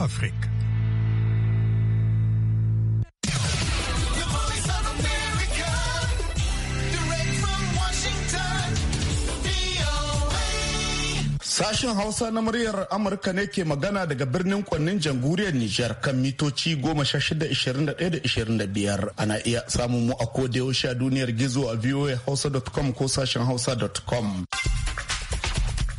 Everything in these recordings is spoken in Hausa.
Afrique. Sashen Hausa na muryar Amurka ne ke magana daga birnin kwannin jamhuriyar Nijar kan mitoci ishirin da biyar Ana iya samun mu a yaushe a duniyar gizo a voahausa.com ko sashen hausa.com.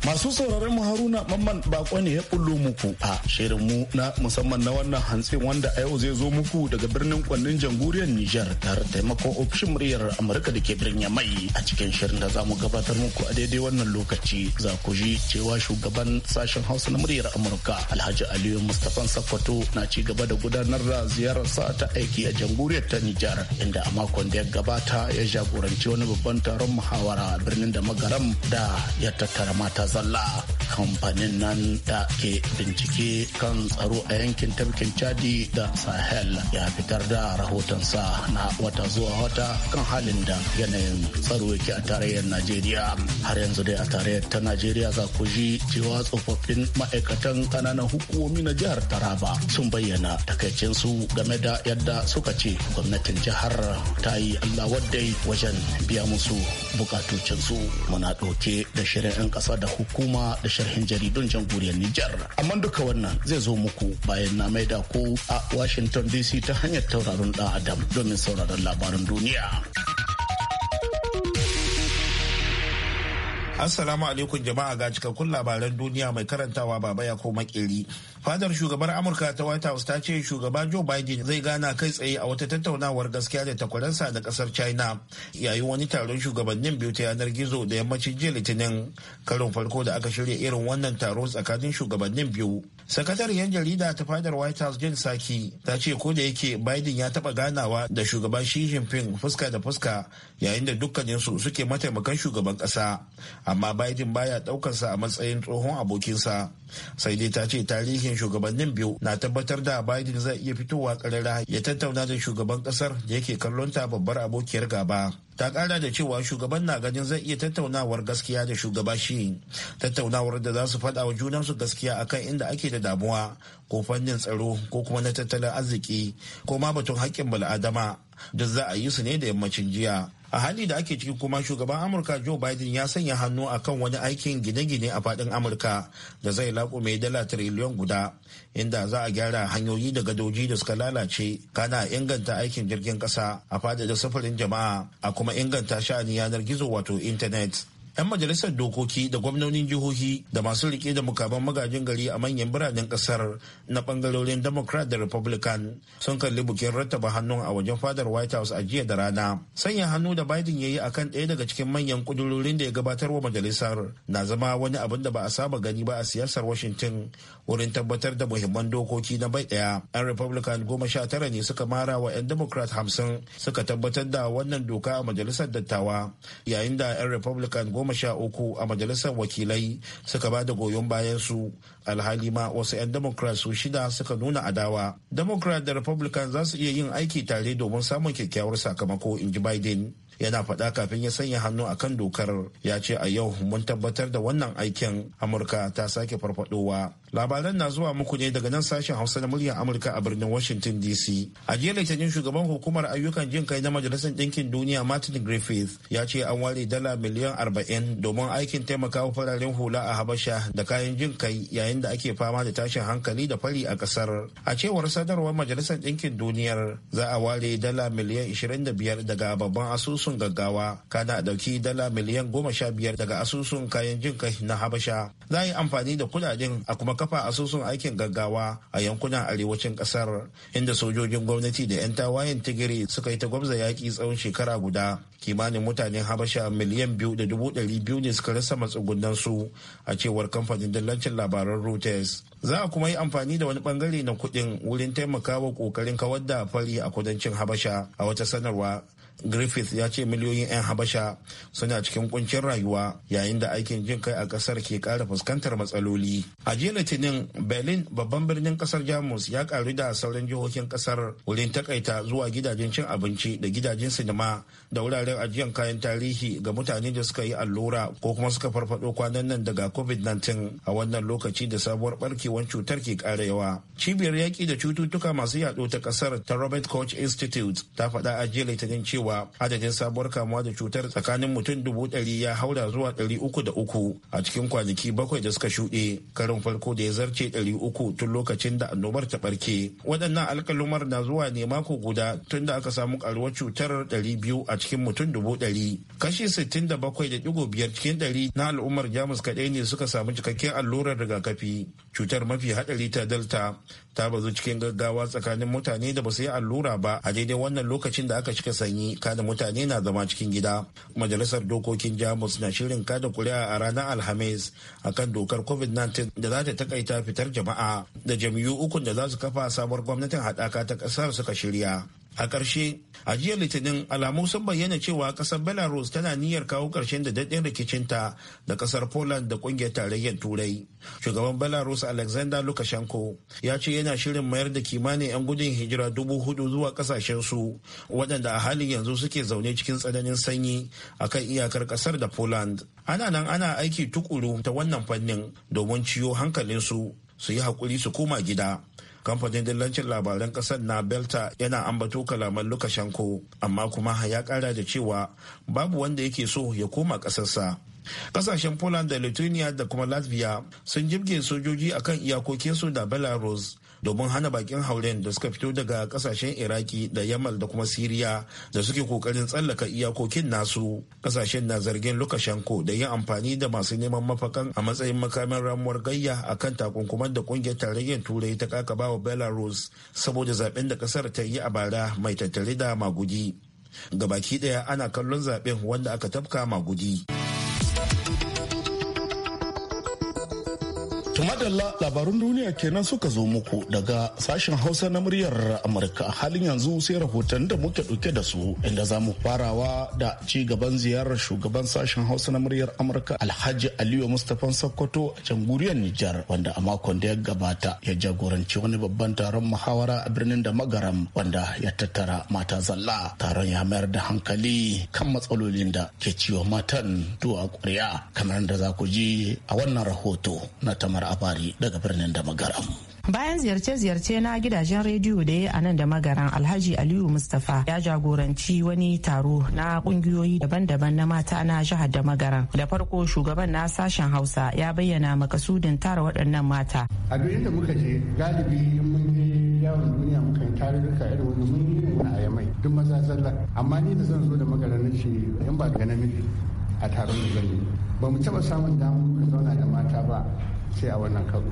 Masu sauraron mu Haruna Mamman Bako ne ya bullo muku a shirin mu na musamman na wannan hantsin wanda a yau zai zo muku daga birnin kwannin jamhuriyar Nijar tare da taimakon ofishin muryar Amurka da ke birnin Yamai a cikin shirin da zamu gabatar muku a daidai wannan lokaci za ku ji cewa shugaban sashen Hausa na muryar Amurka Alhaji Aliyu Mustapha Sakwato na ci gaba da gudanar da ziyarar sa ta aiki a jamhuriyar ta Nijar inda a makon da ya gabata ya jagoranci wani babban taron muhawara birnin da magaram da ya tattara mata sallah kamfanin nan da ke bincike kan tsaro a yankin tafkin chadi da sahel ya fitar da rahotonsa na wata zuwa wata kan halin da yanayin tsaro yake a tarayyar najeriya har yanzu dai a tarayyar ta najeriya za ku cewa tsofaffin ma'aikatan kananan hukumomi na jihar taraba sun bayyana takaicinsu game da yadda suka ce gwamnatin jihar ta yi allah waddai wajen biya musu bukatocinsu muna ɗauke da shirin 'yan ƙasa da hukuma da sharhin jaridun jamhuriyar Nijar. Amma duka wannan zai zo muku bayan na da ko a Washington DC ta hanyar tauraron da Adam domin sauraron labaran duniya. Assalamu alaikum jama'a ga cikakkun labaran duniya mai karantawa baba ya ko maƙeri. fadar shugabar amurka ta white house ta ce shugaba joe biden zai gana kai tsaye a wata tattaunawar gaskiya da takwaransa da kasar china yayin wani taron shugabannin biyu ta yanar gizo da yammacin jiya litinin karin farko da aka shirya irin wannan taron tsakanin shugabannin biyu sakatariyar jarida ta fadar white house jen saki ta ce ko da yake biden ya taba ganawa da shugaban shi jinping fuska da fuska yayin da dukkaninsu suke mataimakan shugaban kasa amma biden baya daukarsa a matsayin tsohon abokinsa sai dai ta ce tarihin shugabannin biyu na tabbatar da biden zai iya fitowa karara ya tattauna da shugaban kasar da yake kallonta babbar abokiyar gaba ta kara da cewa shugaban na ganin zai iya tattaunawar gaskiya da shugaba shi tattaunawar da za su faɗa wa junansu gaskiya akan inda ake da damuwa ko fannin tsaro ko kuma na tattalin arziki ko ma batun haƙƙin bal'adama da za a yi su ne da yammacin jiya a hali da ake ciki kuma shugaban amurka joe biden ya sanya hannu akan wani aikin gine-gine a fadin amurka da zai laƙume dala tiriliyon guda inda za a gyara hanyoyi da gadoji da suka lalace kana inganta aikin jirgin kasa a fadada sufurin jama'a a kuma inganta sha'ani yanar gizo wato intanet 'yan majalisar dokoki da gwamnonin jihohi da masu rike da mukaban magajin gari a manyan biranen kasar na bangarorin democrat da republican sun kalli bukin rattaba hannun a wajen fadar white house a jiya da rana sanya hannu da biden ya yi akan ɗaya daga cikin manyan kudurorin da ya gabatar wa majalisar na zama wani abin da ba a saba gani ba a siyasar washington wurin tabbatar da muhimman dokoki na bai ɗaya 'yan republican goma sha tara ne suka mara wa 'yan democrat hamsin suka tabbatar da wannan doka a majalisar dattawa yayin da 'yan republican goma goma sha uku a majalisar wakilai suka ba da goyon bayan su alhali ma wasu 'yan democrat su shida suka nuna adawa democrat da republican za su iya yin aiki tare domin samun kyakkyawar sakamako in ji biden yana faɗa kafin ya sanya hannu a kan dokar ya ce a yau mun tabbatar da wannan aikin amurka ta sake farfadowa Labaran na zuwa muku ne daga nan sashen Hausa na muryar Amurka a birnin Washington DC. A jiya Litinin shugaban hukumar ayyukan jin kai na Majalisar Ɗinkin Duniya Martin Griffith ya ce an ware dala miliyan 40 domin aikin taimakawa fararen hula a Habasha da kayan jin kai yayin da ake fama da tashin hankali da fari a ƙasar. A cewar sadarwar Majalisar Ɗinkin Duniyar za a ware dala miliyan 25 daga babban asusun gaggawa kana a ɗauki dala miliyan 15 daga asusun kayan jin kai na Habasha. Za a yi amfani da kudaden a kuma kafa asusun aikin gaggawa a yankunan arewacin kasar inda sojojin gwamnati da 'yan tawayen tigiri suka yi ta gwamza yaƙi tsawon shekara guda kimanin mutane habasha miliyan biyu da dubu ɗari biyu ne suka rasa matsugunan su a cewar kamfanin dillancin labaran reuters za a kuma yi amfani da wani bangare na kuɗin wurin taimakawa ƙoƙarin kawar da fari a kudancin habasha a wata sanarwa griffith ya ce miliyoyin 'yan habasha suna cikin kuncin rayuwa yayin da aikin jin kai a kasar ke kara fuskantar matsaloli a jiya litinin berlin babban birnin kasar jamus ya karu da sauran jihohin kasar wurin takaita zuwa gidajen cin abinci da gidajen sinima da wuraren ajiyan kayan tarihi ga mutane da suka yi allura ko kuma suka farfado kwanan nan daga covid-19 a wannan lokaci da sabuwar barkewar cutar ke kara yawa cibiyar yaƙi da cututtuka masu yaɗo ta kasar ta robert koch institute ta faɗa a jiya litinin cewa cewa adadin sabuwar kamuwa da cutar tsakanin mutum dubu ɗari ya haura zuwa ɗari uku da uku a cikin kwanaki bakwai da suka shuɗe karin farko da ya zarce ɗari uku tun lokacin da annobar ta barke. waɗannan alkalumar na zuwa ne mako guda tun da aka samu karuwar cutar ɗari biyu a cikin mutum dubu ɗari kashi sittin da bakwai da ɗigo biyar cikin ɗari na al'ummar jamus kaɗai ne suka samu cikakken allurar rigakafi cutar mafi hadari ta delta ta bazu cikin gaggawa tsakanin mutane da ba su yi allura ba a daidai wannan lokacin da aka cika sanyi kada mutane na zama cikin gida majalisar dokokin jamus na shirin kada kuri'a a ranar alhamis akan dokar covid-19 da za ta takaita fitar jama'a da jam'iyyu ukun da za su kafa sabuwar gwamnatin haɗaka ta ƙasar suka shirya a ƙarshe a jiya litinin alamu sun bayyana cewa ƙasar belarus tana niyyar kawo ƙarshen da daɗin rikicinta da ƙasar poland da ƙungiyar tarayyar turai shugaban belarus alexander lukashenko ya ce yana shirin mayar da kimanin 'yan gudun hijira dubu hudu zuwa ƙasashen su, waɗanda a halin yanzu suke zaune cikin tsananin sanyi a kan iyakar ƙasar da poland ana nan ana aiki tukuru ta wannan fannin domin ciyo hankalinsu su yi haƙuri su koma gida kamfanin dillancin labaran kasar na belta yana ambato kalaman lukashenko amma kuma ya kara da cewa babu wanda yake so ya koma kasarsa kasashen poland da lithuania da kuma latvia sun jibge sojoji akan iyakokinsu da belarus domin hana bakin hauren da suka fito daga kasashen iraki da yamal da kuma siriya da suke kokarin tsallaka iyakokin nasu kasashen na zargin lukashenko da yin amfani da masu neman mafakan a matsayin makamin ramuwar gayya a kan takunkuman da kungiyar tarayyar turai ta kakaba wa belarus saboda zaben da kasar ta yi a bara mai tattare da magudi gabaki daya ana kallon zaben wanda aka tafka magudi. madalla labarun duniya kenan suka zo muku daga sashen hausa na muryar amurka halin yanzu sai rahoton da muke ɗauke da su inda za mu farawa da ci gaban ziyarar shugaban sashen hausa na muryar amurka alhaji aliyu mustapha sokoto a jamhuriyar nijar wanda a makon da ya gabata ya jagoranci wani babban taron muhawara a birnin da magaram wanda ya tattara mata zalla taron ya mayar da hankali kan matsalolin da ke ciwo matan duwa ƙwarya kamar da za ku ji a wannan rahoto na tamar labari daga birnin da magaram. Bayan ziyarce-ziyarce na gidajen rediyo da ya a nan da magaran Alhaji Aliyu Mustapha ya jagoranci wani taro na kungiyoyi daban-daban na mata na jihar da magaran. Da farko shugaban na sashen Hausa ya bayyana makasudin tara waɗannan mata. A duk inda muka je galibi mun yi yawon duniya muka yi tarurruka irin wani mun yi wani a yamai duk maza zalla amma ni da zan zo da magaran na ce yan ba daga namiji a taron da zan yi ba mu taɓa samun damar zauna da mata ba sai a wannan karo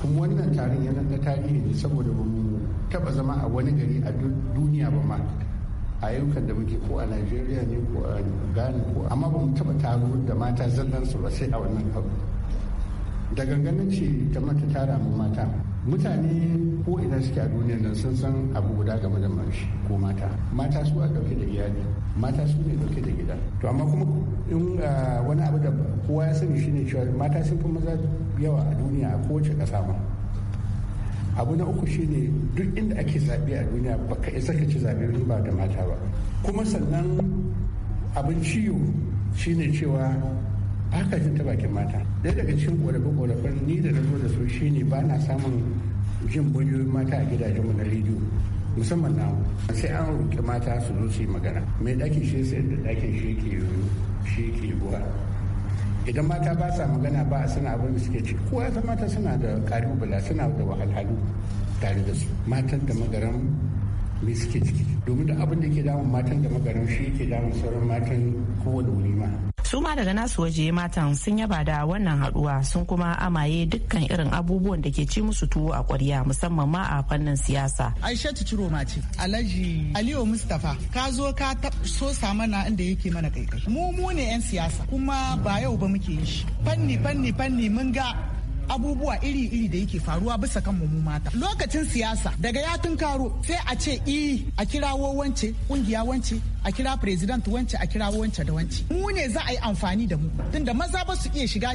kuma wannan tarin yana na tarihi ne saboda ba mu taba zama a wani gari a duniya ba ma ayyukan da muke ko a nigeria ne ko a ghana ko amma ba mu taba taro da mata zallan su ba sai a wannan karo da gangan ce ta mata tara mu mata mutane ko ina suke a duniyar nan sun san abu guda game da mashi ko mata mata su a dauke da iyali mata su ne dauke da gida to amma kuma in ah, wani abu da kowa ya sani shine cewa mata sun fi maza yawa a duniya a kowace kasa ma abu na uku shine duk inda ake zabe a duniya baka isa ka ci zaɓe ba da mata ba kuma sannan abin ciwo shine cewa haka jin ta bakin mata ɗaya daga cikin ƙorafe-ƙorafen ni da na zo da su shine ba na samun jin bunyoyin mata a gidajenmu na rediyo musamman na sai an roƙi mata su zo su yi magana mai ɗakin shi sai da ɗakin shi ke shi ke buwa idan mata ba sa magana ba a suna abin da suke ci kowa ta mata suna da kalubala suna da wahalhalu tare da su matan da magaran me suke ciki domin da abin da ke damun matan da magaran shi ke damun sauran matan kowane wuri ma su ma daga nasu waje matan sun yaba da wannan haduwa sun kuma amaye dukkan irin abubuwan da ke ci musu tuwo a kwarya musamman ma a fannin siyasa aishatu ciro mace alhaji aliyu mustapha ka zo ka so mana inda yake mana kai mu mu ne yan siyasa kuma ba yau ba muke yi shi fanni fanni fanni mun ga abubuwa iri-iri da yake faruwa bisa kan mu mata lokacin siyasa daga ya tunkaro sai a ce i eh, a kirawo wance kungiya wance a kira president wance a kira wance da wance mu ne za a yi amfani da mu tunda maza ba su iya shiga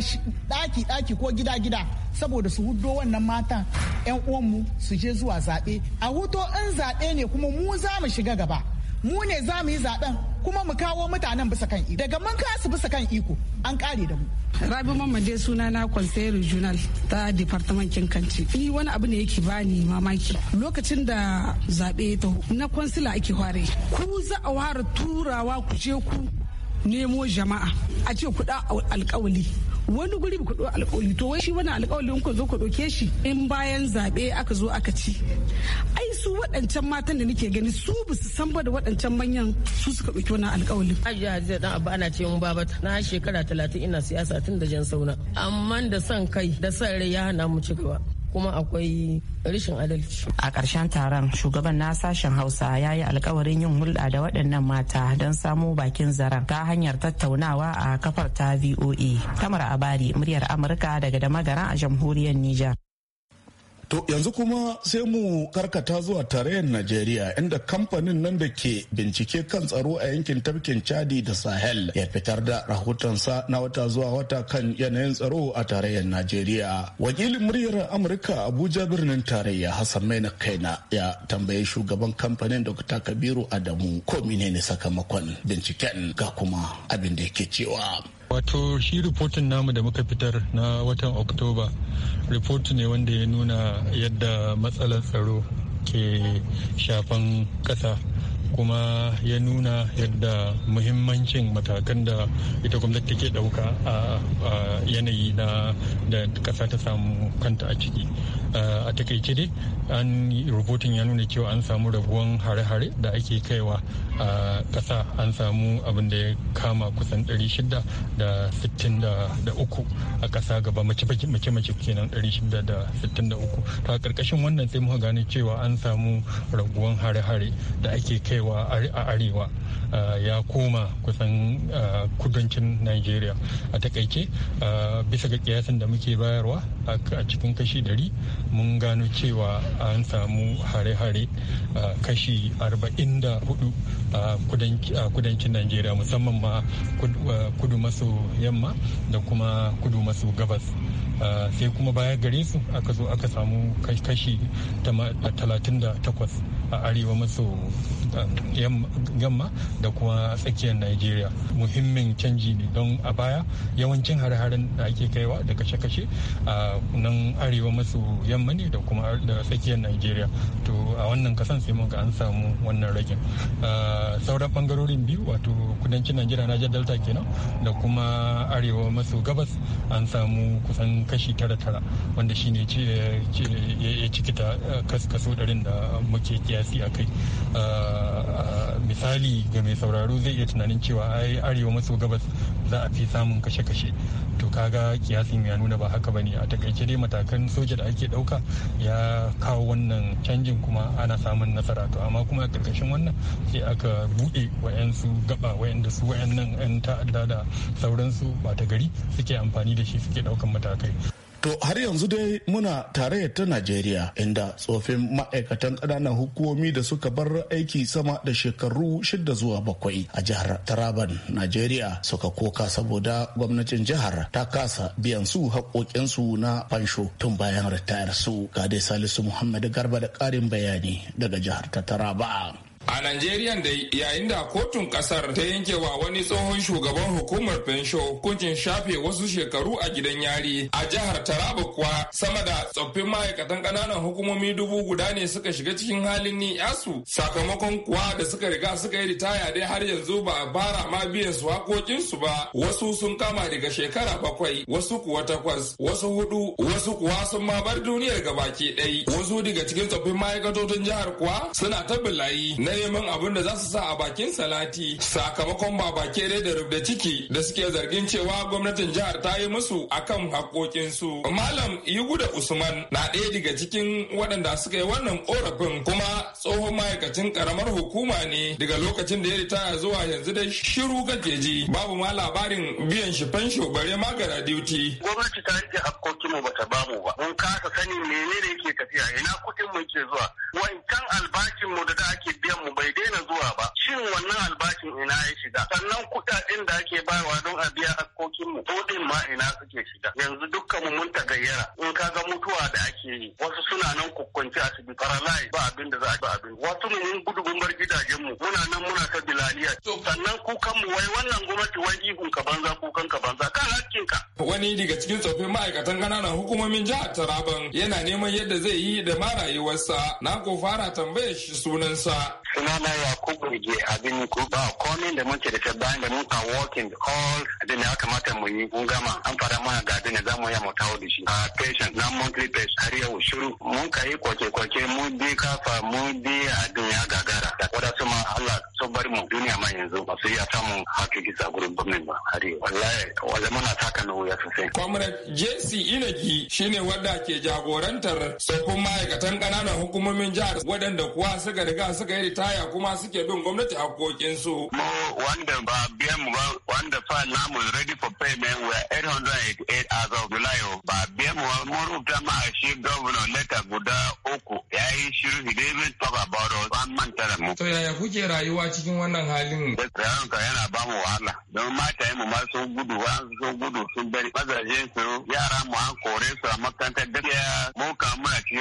daki daki ko gida gida saboda su hudo wannan matan yan uwan mu su je zuwa zaɓe a huto in zaɓe ne kuma mu za mu shiga gaba mu ne za mu yi zaɓen kuma mu kawo mutanen bisa kan iko daga mun kasu bisa kan iko an kare da mu rabi mamma dai suna na conseil regional ta department kinkanci. ni wani abu ne yake bani mamaki lokacin da zabe ta na kwansila ake ware ku za a ware turawa ku je ku nemo jama'a a ce ku da alkawali wani guri ku ɗau alƙawari to wai shi wani alƙawari ku zo ku ɗauke shi in bayan zaɓe aka zo aka ci ai su waɗancan matan da nake gani su ba su san ba da waɗancan manyan su suka ɗauki wani alƙawari. Hajiya hadiza dan Abba ana ce mun na na shekara talatin ina siyasa tun da jan sauna amma da son kai da son rai ya hana mu ci gaba. kuma akwai rashin adalci. A ƙarshen taron shugaban na sashen Hausa ya yi alkawarin yin hulɗa da waɗannan mata don samo bakin zaren ta hanyar tattaunawa a kafar ta VOA. Tamar Abari, muryar Amurka daga Damagara a jamhuriyar Nijar. To yanzu kuma sai mu karkata zuwa tarayyar Najeriya inda kamfanin nan da ke bincike kan tsaro a yankin tafkin Chadi da Sahel ya fitar da rahotonsa na wata zuwa wata kan yanayin tsaro a tarayyar Najeriya. Wakilin muryar Amurka Abuja birnin tarayya Hassan Maina Kaina ya tambaye shugaban kamfanin Dr. Kabiru Adamu ko menene sakamakon binciken ga kuma abin da yake cewa. wato shi ripotin namu da muka fitar na watan oktoba ripoti ne wanda ya nuna yadda matsalar tsaro ke shafan ƙasa kuma ya nuna yadda muhimmancin matakan da ita gwamnati take ɗauka a yanayi na da ƙasa ta samu kanta a ciki a takaice dai an rubutun ya nuna cewa an samu rabuwan hare-hare da ake kaiwa a ƙasa an samu abin da ya kama kusan 600 da uku a ƙasa gaba mace-mace kenan 663 to a ƙarƙashin wannan sai muka gane cewa an samu raguwan hare-hare da ake kaiwa arewa a arewa eh, ya koma kusan eh, kudancin nigeria a takaice eh, bisa ga kiyasin da muke bayarwa a cikin kashi 100 mun gano cewa an samu hare-hare kashi 44 a kudancin nigeria musamman ma kudu maso yamma da kuma kudu maso gabas sai kuma baya gare su aka zo aka samu kashi 38 a arewa maso um, yamma da kuma tsakiyar nigeria muhimmin canji ne don a baya yawancin har-haren da ake kaiwa da kashe-kashe a nan arewa maso yamma ne da kuma da tsakiyar nigeria to a wannan kasan sai muka an samu wannan ragin sauran bangarorin biyu wato kudancin nigeria niger delta kenan da kuma arewa maso gabas an samu kusan kashi tara-tara wanda shine ya cikita uh, kaso ɗarin da muke kiyaye siyasi a kai ah, ah, misali ga mai sauraro zai iya tunanin cewa ai arewa maso gabas za a fi samun kashe-kashe to kaga kiyasin ya nuna ba haka bane a takaice dai matakan soja da ake dauka ya kawo wannan canjin kuma ana samun nasara to amma kuma a karkashin wannan sai aka bude wayansu gaba wayanda su wayannan yan ta'adda da sauransu ba ta gari suke amfani da shi suke daukan matakai To har yanzu dai muna tarayyar ta Najeriya inda tsofin ma'aikatan ƙananan hukumomi da suka bar aiki sama da shekaru shida zuwa bakwai a jihar Taraban, Najeriya suka koka saboda gwamnatin jihar ta kasa biyan su haƙoƙinsu na fansho tun bayan ritayar su. Ga dai Salisu Muhammad Garba da ƙarin bayani daga jihar ta Taraba. A Najeriya dai yayin da kotun kasar ta yanke wa wani tsohon shugaban hukumar fensho hukuncin shafe wasu shekaru a gidan yari a jihar Taraba kuwa sama da tsoffin ma'aikatan ƙananan hukumomi dubu guda ne suka shiga cikin halin ni yasu sakamakon kuwa da suka riga suka yi ritaya dai har yanzu ba a bara ma biyan su su ba wasu sun kama daga shekara bakwai wasu kuwa takwas wasu hudu wasu kuwa sun ma bar duniyar gabaki ɗai wasu daga cikin tsoffin ma'aikatotun jihar kuwa suna ta bilayi na neman abin da za su sa a bakin salati sakamakon ba bake da rubda ciki da suke zargin cewa gwamnatin jihar ta yi musu akan haƙoƙinsu. Malam da Usman na ɗaya daga cikin waɗanda suka yi wannan ƙorafin kuma tsohon ma'aikacin karamar hukuma ne daga lokacin da ya ritaya zuwa yanzu da shiru gajeji babu ma labarin biyan shi fansho bare ma gara duty. Gwamnati ta rike haƙoƙin mu bata bamu ba. Mun kasa sani menene yake tafiya ina kuɗin mu ke zuwa. Wancan albashin mu da ake biyan mu bai daina zuwa ba shin wannan albashin ina ya shiga sannan kuɗaɗen da ake bayarwa don a biya hakkokin mu kuɗin ma ina suke shiga yanzu dukkan mu mun tagayyara in ka ga mutuwa da ake yi wasu suna nan kukkunci a cikin faralai ba abin da za a ba abin wasu mu mun gudu mun bar gidajen mu muna nan muna ta bilaliya sannan kukan mu wai wannan gwamnati wai ihun ka banza kukan ka banza kan hakkin ka wani daga cikin tsoffin ma'aikatan ƙananan hukumomin jihar Taraban yana neman yadda zai yi da ma rayuwarsa na ko fara tambayar shi sunansa sunana ya Ige abin ku ba komin da muke da bayan da muka working all abin da ya kamata mu yi kun gama an fara mana ga abin da za mu yi mu tawo da shi a patient na monthly patient har yau shiru mun ka yi kwace-kwace mun bi kafa mun bi abin ya gagara wadda su ma Allah sun bari mu duniya ma yanzu ba su yi a samu hakiki a gurin birnin ba hari wallahi wallahi muna taka na wuya sosai comrade JC Inaki shine wanda ke jagorantar tsofin ma'aikatan kananan hukumomin jihar waɗanda kuwa suka riga suka yi ritaya kuma suke bin gwamnati hakokin su mu wanda ba biyan mu ba wanda fa namu ready for payment we are 888 as of July ba biyan mu mu rubuta ma shi governor letter guda uku yayi shiru he didn't talk about us mu. To yaya kuke rayuwa cikin wannan halin? Rayuwar yana ba mu wahala. Don matayen mu ma sun gudu, sun gudu sun bari mazaje su yara mu an kore su a makarantar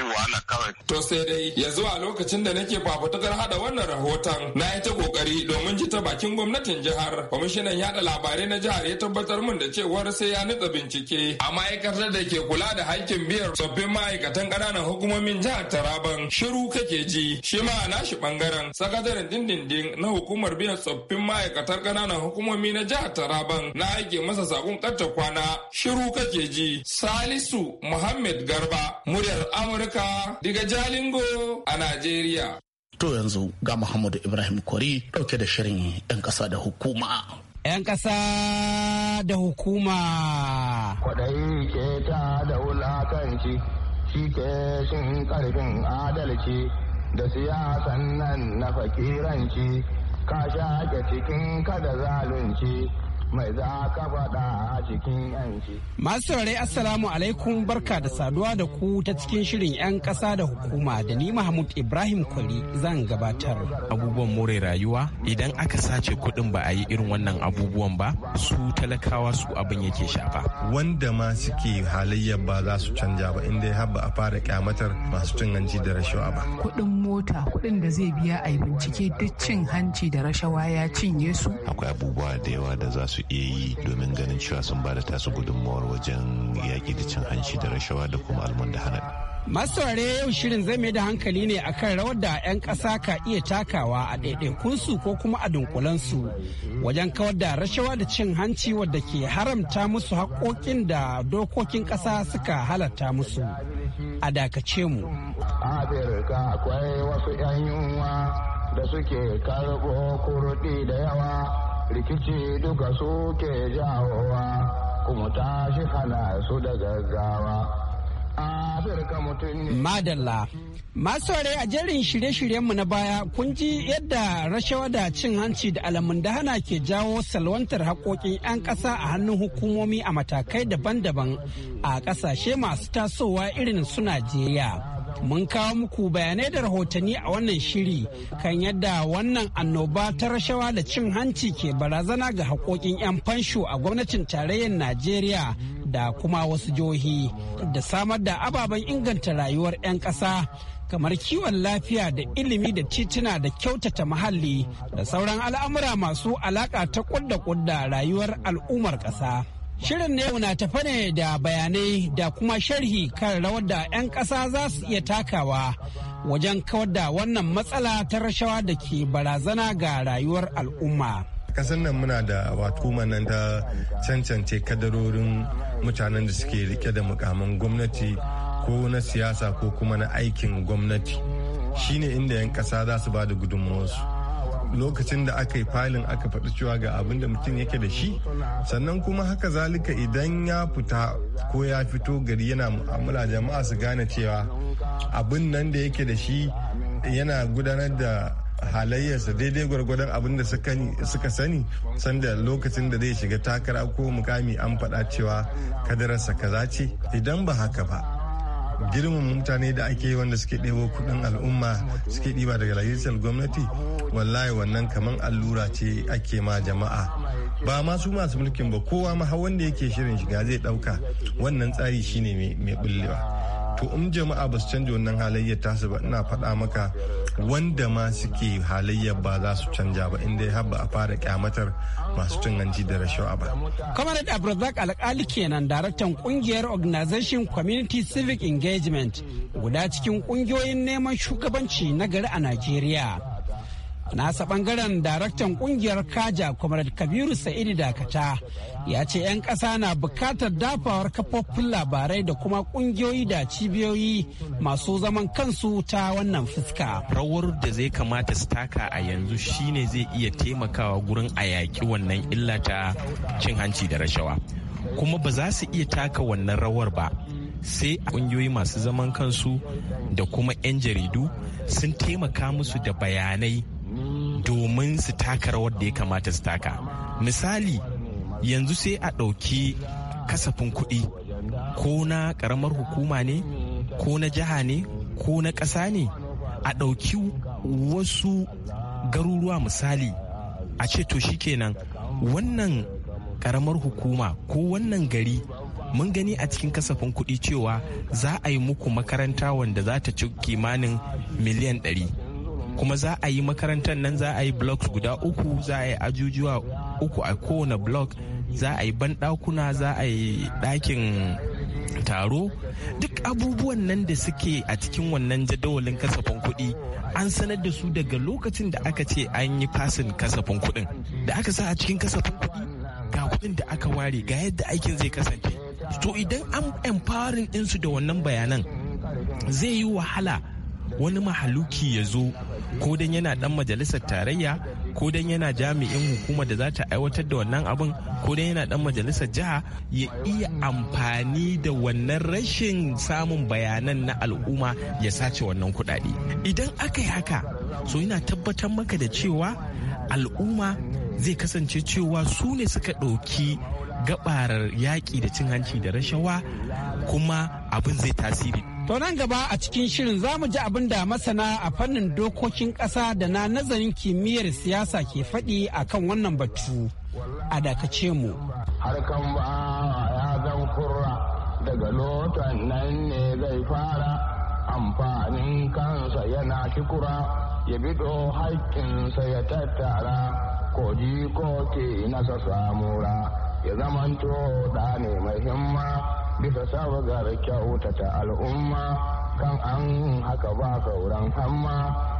wahala kawai. To sai dai ya zuwa lokacin da nake fafutukar hada wannan rahoton na yi ta kokari domin ji ta bakin gwamnatin jihar. Kwamishinan yada labarai na jihar ya tabbatar min da cewar sai ya nutsa bincike a ma'aikatar da ke kula da haƙƙin biyar tsoffin ma'aikatan ƙananan hukumomin jihar Taraban shiru kake ji shi ma a nashi bangaren sakataren dindindin na hukumar biyan tsoffin ma'aikatar ƙananan hukumomi na jihar Taraban na aike masa sakon ƙarta kwana shiru kake ji Salisu Muhammad Garba muryar Amurka haka daga Jalingo a Najeriya. To yanzu ga Muhammadu Ibrahim Kwari ɗauke da shirin 'yan ƙasa da hukuma. 'Yan ƙasa da hukuma. Kwaɗayi ke ta da wulakanci, shi ke shin ƙarfin adalci da siyasan nan na fakiranci, ka shaƙe cikin kada zalunci. mai za ka faɗa a cikin yanci. Masu saurare Assalamu alaikum barka da saduwa da ku ta cikin shirin 'yan ƙasa da hukuma da ni Mahmud Ibrahim Kwari zan gabatar. Abubuwan more rayuwa idan aka sace kuɗin ba a yi irin wannan abubuwan ba su talakawa su abin yake shafa. Wanda ma suke halayyar ba za su canja ba inda ya ba a fara kyamatar masu cin hanci da rashawa ba. Kuɗin mota kuɗin da zai biya a yi bincike duk cin hanci da rashawa ya cinye su. Akwai abubuwa da yawa da za su iya yi domin ganin cewa sun ba da tasu gudunmawar wajen yaƙi da cin hanci da rashawa da kuma da hana. Masu saurare yau shirin zai mai da hankali ne akan rawar da 'yan ƙasa ka iya takawa a ɗaiɗaikunsu ko kuma a dunkulensu wajen kawar da rashawa da cin hanci wadda ke haramta musu haƙoƙin da dokokin ƙasa suka halatta musu. A dakace mu. Afirka akwai wasu 'yan yunwa da suke karɓo kurɗi da yawa rikici duka suke jawowa kuma ta shi hana su da gaggawa. mutum ne. Madalla. Masu a jerin shirye-shiryenmu na baya kun ji yadda rashawa da cin hanci da hana ke jawo salwantar haƙoƙin 'yan ƙasa a hannun hukumomi a matakai daban-daban a ƙasashe masu tasowa irin su Najeriya. Mun kawo muku bayanai da rahotanni a wannan shiri kan yadda wannan annoba ta rashawa da cin hanci ke barazana ga haƙoƙin 'yan fansho a gwamnatin tarayyar Najeriya da kuma wasu jihohi da samar da ababen inganta rayuwar 'yan ƙasa. kamar kiwon lafiya da ilimi da tituna da kyautata muhalli da sauran al'amura masu alaƙa ta kudda kudda rayuwar al'ummar ƙasa. Shirin ne na tafa ne da bayanai da kuma sharhi kan rawar da 'yan ƙasa za su iya takawa wajen kawar da wannan matsala ta rashawa da ke barazana ga rayuwar al'umma. Kasan nan muna da wato nan ta cancance kadarorin mutanen da suke rike da mukamin gwamnati ko na siyasa ko kuma na aikin gwamnati shine inda 'yan kasa za su ba da gudunmawarsu. lokacin da aka yi filin aka faɗi cewa ga abin da mutum yake da shi sannan kuma haka zalika idan ya fita ko ya fito gari yana mu'amala jama'a su gane cewa abin nan da yake da shi yana gudanar da halayyarsa daidai gwargwadon abin da suka sani sanda lokacin da zai shiga takara ko mukami an faɗa cewa kadararsa kaza ce idan ba haka ba girmama mutane da ake yi wanda suke ɗebo kuɗin al'umma suke ɗiba daga lalisar gwamnati wallahi wannan kamar allura ce ake ma jama'a ba ma su masu mulkin ba kowa ma hawan da yake shirin shiga zai ɗauka wannan tsari shine mai bullewa to in um, jama'a ba su canja wannan halayyar tasu ba ina faɗa maka wanda ma suke halayyar ba za su canja ba inda ya haɓa a fara kyamatar masu cin hanci da rashawa ba. Comrade Abrazak alƙali kenan daraktan ƙungiyar Organization Community Civic Engagement guda cikin ƙungiyoyin neman shugabanci na gari a Najeriya. nasa bangaren daraktan kungiyar kaja comrade kabiru sa'idu dakata ya ce 'yan kasa na bukatar dafawar kafofin labarai da kuma kungiyoyi da cibiyoyi masu zaman kansu ta wannan fuska rawar da zai kamata su taka a yanzu shine zai iya taimakawa gurin a yaƙi wannan illa ta cin hanci da rashawa kuma ba za su iya taka wannan rawar ba sai kungiyoyi masu zaman kansu da kuma 'yan jaridu sun taimaka musu da bayanai domin su taka rawar da ya kamata su taka misali yanzu sai a ɗauki kasafin kuɗi ko na ƙaramar hukuma ne ko na jiha ne ko na ƙasa ne a ɗauki wasu garuruwa misali a ce to shikenan wannan ƙaramar hukuma ko wannan gari mun gani a cikin kasafin kuɗi cewa za a yi muku makaranta wanda za ta ci kimanin miliyan ɗari. kuma za a yi makarantar nan za a yi blocks guda uku za a yi ajujuwa uku a kowane block za a yi banɗakuna za a yi ɗakin taro duk abubuwan nan da suke a cikin wannan jadawalin kasafin kuɗi an sanar da su daga lokacin da aka ce an yi fasin kasafin kuɗin da aka sa a cikin kasafin kuɗi ga kuɗin da aka ware ga yadda aikin zai kasance to idan an empowering ɗinsu da wannan bayanan zai yi wahala wani mahaluki ya zo ko dan yana dan majalisar tarayya ko dan yana jami'in hukuma da za ta aiwatar da wannan abin ko dan yana dan majalisar jiha ya iya amfani da wannan rashin samun bayanan na al'umma ya sace wannan kuɗaɗe idan aka yi haka so ina tabbatar maka da cewa al'umma zai kasance cewa su ne suka ɗauki gabarar yaƙi da cin hanci da rashawa kuma abin zai tasiri To nan gaba a cikin shirin za mu ji abin da masana a fannin dokokin ƙasa da na nazarin kimiyyar siyasa ke faɗi a kan wannan batu a dakace mu. Harkan ba ya zan kurra daga lotan nan ne zai fara amfanin kansa yana kikura ya bido haƙƙinsa ya tattara koji ko ke nasa samura ya zamanto da ne mai himma bisa saba gara kyautata al'umma kan an haka ba sauran hamma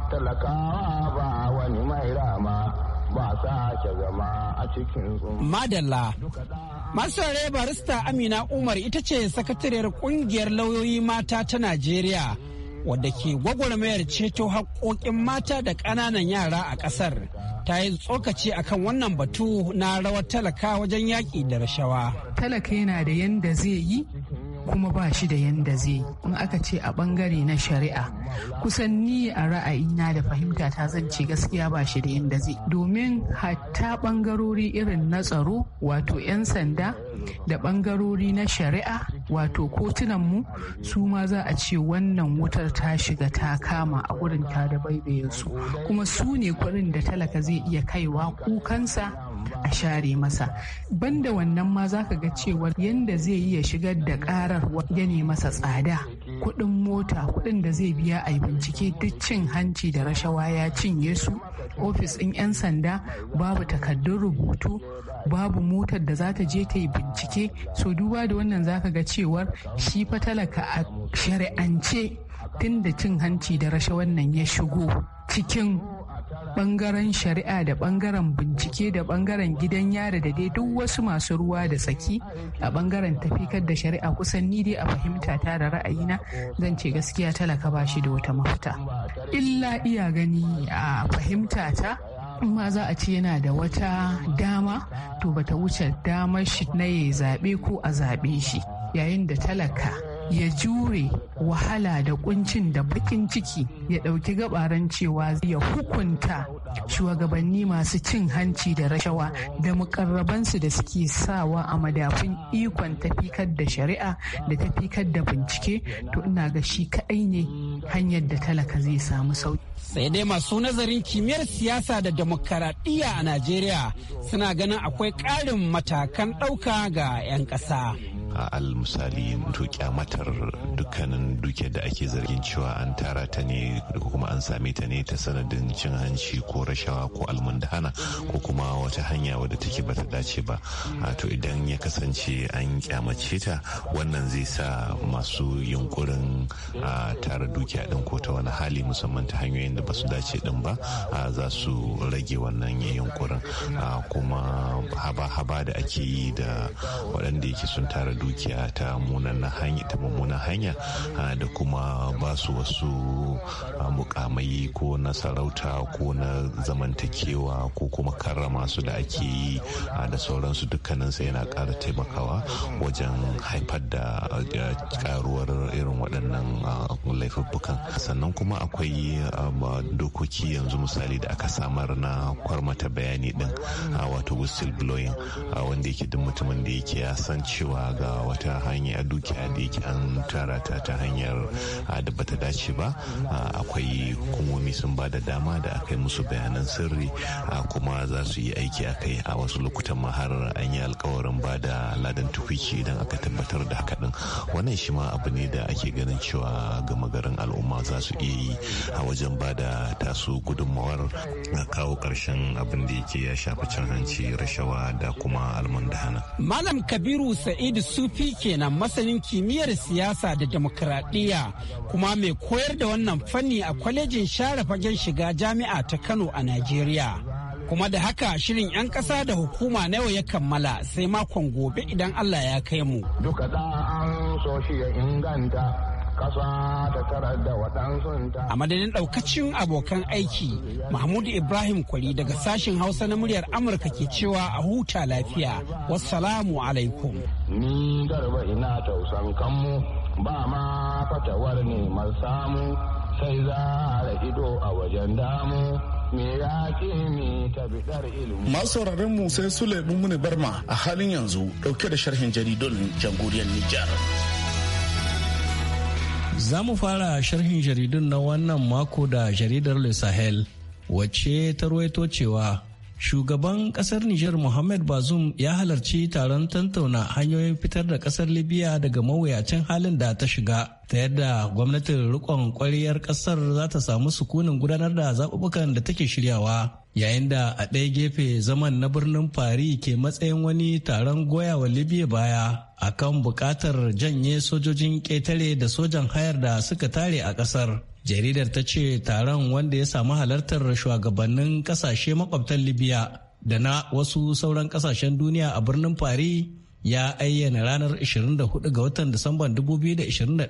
talakawa ba wani mai rama ba sake zama a cikin madalla masarare barista amina umar ita ce sakatariyar kungiyar lauyoyi mata ta najeriya wadda ke gwagwarmayar ceto haƙoƙin mata da ƙananan yara a ƙasar ta yi tsokaci akan wannan batu na rawar talaka wajen yaƙi da rashawa. Talaka yana da yanda zai yi kuma ba shi da yanda zai in aka ce a bangare na shari'a kusan ni a ra'ayina da fahimta ta zance gaskiya ba shi da yanda zai domin hatta bangarori irin na tsaro wato 'yan sanda da bangarori na shari'a wato kotunanmu su ma za a ce wannan wutar ta shiga ta kama a gurin ta da baibayensu kuma su ne kuɗin da talaka zai iya kaiwa kukansa a share masa banda wannan ma za ka ga cewa yadda zai iya shigar da karar ya ne masa tsada kudin mota kudin da zai biya a bincike duk cin hanci da rashawa ya cinye su ofis ɗin 'yan sanda babu takardun rubutu babu motar da za ta je ta yi bincike so duba da wannan za ka ga cewar shi fa talaka a shari'ance tun da cin hanci da rashawan nan ya shigo cikin bangaren shari'a da bangaren bincike da bangaren gidan yari da dai duk wasu masu ruwa da tsaki a bangaren tafikar da shari'a kusan ni dai a fahimta ta da ra'ayina zan ce gaskiya talaka ba shi da wata mafita illa iya gani a fahimta ta in ma za a ce yana da wata dama to bata wuce damar shi na ya zaɓe ko a zaɓe shi yayin da talaka ya jure wahala da kuncin da bakin ciki ya ɗauki gabaran cewa ya hukunta shugabanni masu cin hanci da rashawa da mukarrabansu da suke sawa a madafin ikon tafikar da shari'a da tafikar da bincike to ina ga shi kaɗai ne hanyar da talaka zai samu sauki. sai dai masu nazarin kimiyyar siyasa da demokaradiyya a najeriya suna ganin akwai ƙarin matakan ɗauka ga 'yan ƙasa. al misali to kyamatar dukkanin duke da ake zargin cewa an tara ta ne kuma an same ta ne ta sanadin cin hanci ko rashawa ko almundana ko kuma wata hanya wadda take bata dace ba to idan ya kasance an kyamace ta wannan zai sa masu yunkurin tara dukiya din ko ta wani hali musamman ta hanyoyin da basu dace din ba za su rage wannan yunkurin kuma haba-haba da ake yi da waɗanda yake sun tara dukiya dukiya ta munanan hanya mummunan hanya da kuma ba su wasu mukamai ko na sarauta ko na zamantakewa ko kuma karrama su da ake yi da sauransu dukkaninsa yana kara taimakawa wajen haifar da karuwar irin waɗannan laifuffukan sannan kuma akwai dokoki yanzu misali da aka samar na kwarmata bayani din wato whistleblowing wanda yake duk mutumin da yake ya san cewa ga wata hanya dukiya da yake an tara ta ta hanyar da bata dace ba akwai hukumomi sun ba da dama da aka yi musu bayanan sirri kuma za su yi aiki a kai a wasu lokutan ma har an yi alkawarin ba da ladan tukwici idan aka tabbatar da haka din wannan shi ma abu ne da ake ganin cewa gama garin al'umma za su iya yi a wajen ba da tasu gudunmawar kawo karshen abin da yake ya shafi cin hanci rashawa da kuma almundahana. malam kabiru sa'idu su Sufi kenan masanin kimiyyar siyasa da demokradiyya kuma mai koyar da wannan fanni a kwalejin share fagen shiga jami'a ta Kano a Najeriya. kuma da haka shirin 'yan ƙasa da hukuma na yau ya kammala sai makon gobe idan Allah ya kai mu. Duka an so shi ya inganta A madadin ɗaukacin abokan aiki, Mahmud Ibrahim Kwari daga sashen Hausa na muryar Amurka ke cewa a huta lafiya. Wassalamu alaikum. Ni garba ina tausan kanmu ba ma fatawar ne samu sai za a ido a wajen damu. Masu sauraron mu sai Sulaimu Muni Barma a halin yanzu ɗauke da sharhin jaridun jamhuriyar Nijar. Za mu fara sharhin jaridun na wannan mako da jaridar Le Sahel, wacce ta ruwaito cewa shugaban kasar Nijar Mohamed Bazoum ya halarci taron tantauna hanyoyin fitar da kasar Libya daga mawuyacin halin da ta shiga ta yadda gwamnatin rikon kwariyar kasar za ta samu sukunin gudanar da zaɓuɓɓukan da take shiryawa. yayin da a ɗaya gefe zaman na birnin fari ke matsayin wani taron goya wa libya baya kan buƙatar janye sojojin ƙetare da sojan hayar da suka tare a ƙasar jaridar ta ce taron wanda ya samu halartar shugabannin ƙasashe makwabtan libya da na wasu sauran ƙasashen duniya a birnin fari ya ayyana ranar 24 ga watan disamban 2021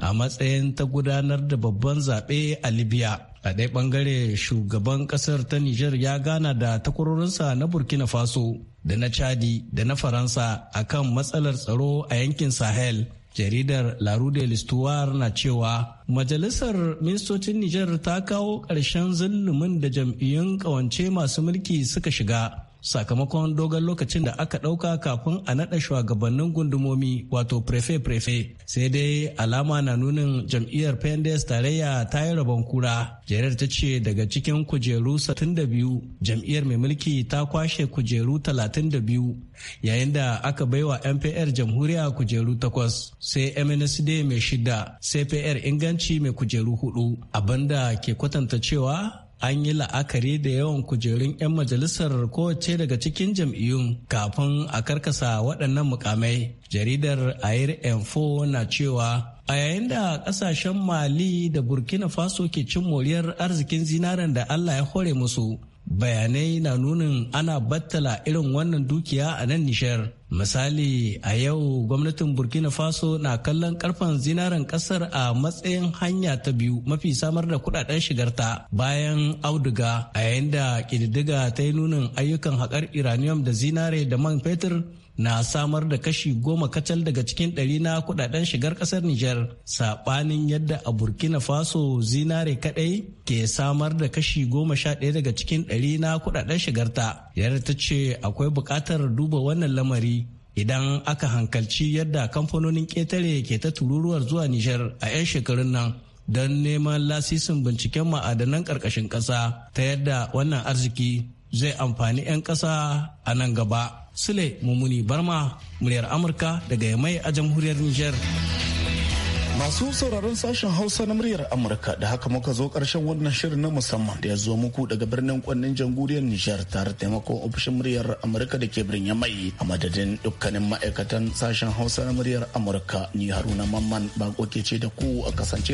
a matsayin ta gudanar da babban zaɓe a libya a ɗaya ɓangare shugaban ƙasar ta nijar ya gana da takwarorinsa na burkina faso da na chadi da na faransa a kan matsalar tsaro a yankin sahel jaridar larude listuwar na cewa majalisar ministocin nijar ta kawo ƙarshen zulumin da jam'iyyun ƙawance masu mulki suka shiga sakamakon dogon lokacin da aka ɗauka kafin a naɗa shugabannin gundumomi wato prefe-prefe sai dai alama na nunin jam'iyyar pendes tarayya ta yi rabon kura jerar ta ce daga cikin kujeru 62 jam'iyyar mai mulki ta kwashe kujeru 32 yayin da aka baiwa mpr jamhuriya kujeru 8 sai mnsd mai shida cpr inganci mai kujeru 4 abinda ke kwatanta cewa an yi la'akari da yawan kujerun 'yan majalisar kowace daga cikin jam'iyyun kafin a karkasa waɗannan mukamai jaridar air info na cewa a yayin da ƙasashen mali da burkina faso ke cin moriyar arzikin zinaren da allah ya hore musu bayanai na nunin ana battala irin wannan dukiya a nan nishar Misali a yau gwamnatin Burkina Faso na kallon karfan zinaren kasar a matsayin hanya ta biyu mafi samar da kudaden shigarta bayan auduga a yayin da kididdiga ta yi nunin ayyukan haƙar uranium da zinare da man fetur na samar da kashi goma kacal daga cikin ɗari na kudaden shigar ƙasar Nijar saɓanin yadda a Burkina Faso zinare kaɗai ke samar da kashi goma sha ɗaya daga cikin ɗari na kudaden shigarta. yadda ta ce akwai buƙatar duba wannan lamari idan aka hankalci yadda kamfanonin ketare ke ta tururuwar zuwa nijar a 'yan shekarun nan don neman lasisin binciken ma'adanan ƙarƙashin ƙasa ta yadda wannan arziki zai amfani 'yan ƙasa a nan gaba. Sule Mumuni Barma, muryar Amurka daga Yamai a jamhuriyar Nijar. Masu sauraron sashen Hausa na muryar Amurka da haka muka zo karshen wannan shirin na musamman da ya zo muku daga birnin kwannin jamhuriyar Nijar tare taimakon ofishin muryar Amurka da ke birnin mai a madadin dukkanin ma'aikatan sashen Hausa na muryar Amurka ni Haruna Mamman bako ke ce da ku a kasance